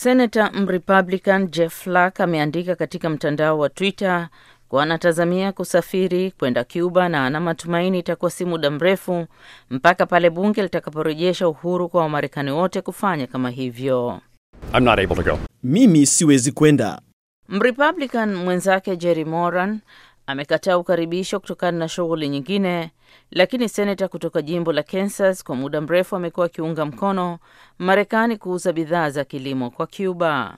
Senata Mrepublican Jeff Flake ameandika katika mtandao wa Twitter kuwa anatazamia kusafiri kwenda Cuba na ana matumaini itakuwa si muda mrefu mpaka pale bunge litakaporejesha uhuru kwa Wamarekani wote kufanya kama hivyo. I'm not able to go. Mimi siwezi kwenda. Mrepublican mwenzake Jerry Moran amekataa ukaribisho kutokana na shughuli nyingine, lakini seneta kutoka jimbo la Kansas kwa muda mrefu amekuwa akiunga mkono Marekani kuuza bidhaa za kilimo kwa Cuba.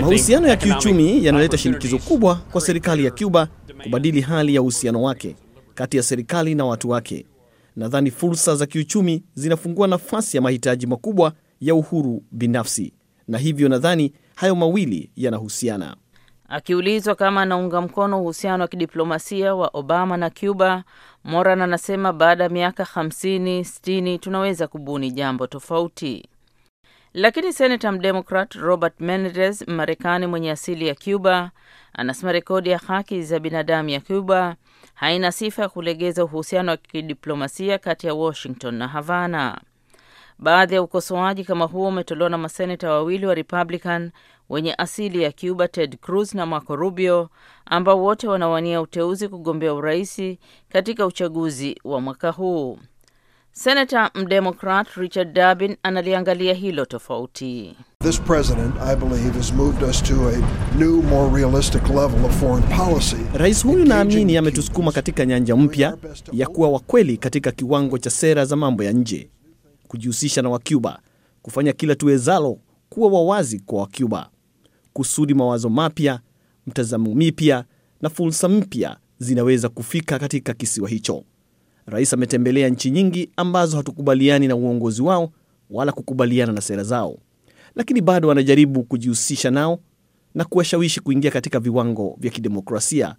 Mahusiano ya kiuchumi yanaleta shinikizo kubwa kwa serikali ya Cuba kubadili hali ya uhusiano wake kati ya serikali na watu wake. Nadhani fursa za kiuchumi zinafungua nafasi ya mahitaji makubwa ya uhuru binafsi, na hivyo nadhani hayo mawili yanahusiana. Akiulizwa kama anaunga mkono uhusiano wa kidiplomasia wa Obama na Cuba, Moran anasema baada ya miaka 50 60 tunaweza kubuni jambo tofauti. Lakini senata mdemokrat Robert menedes Marekani mwenye asili ya Cuba, anasema rekodi ya haki za binadamu ya Cuba haina sifa ya kulegeza uhusiano wa kidiplomasia kati ya Washington na Havana. Baadhi ya ukosoaji kama huo umetolewa na maseneta wawili wa Republican wenye asili ya Cuba, Ted Cruz na Marco Rubio, ambao wote wanawania uteuzi kugombea uraisi katika uchaguzi wa mwaka huu. Senata mdemokrat Richard Durbin analiangalia hilo tofauti. This president, I believe, has moved us to a new, more realistic level of foreign policy. Rais huyu naamini ametusukuma katika nyanja mpya ya kuwa wakweli katika kiwango cha sera za mambo ya nje kujihusisha na Wacuba, kufanya kila tuwezalo kuwa wawazi kwa Wacuba kusudi mawazo mapya, mtazamo mipya na fursa mpya zinaweza kufika katika kisiwa hicho. Rais ametembelea nchi nyingi ambazo hatukubaliani na uongozi wao wala kukubaliana na sera zao, lakini bado anajaribu kujihusisha nao na kuwashawishi kuingia katika viwango vya kidemokrasia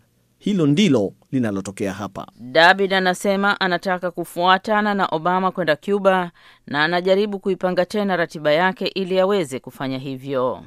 hilo ndilo linalotokea hapa. David anasema anataka kufuatana na Obama kwenda Cuba na anajaribu kuipanga tena ratiba yake ili aweze kufanya hivyo.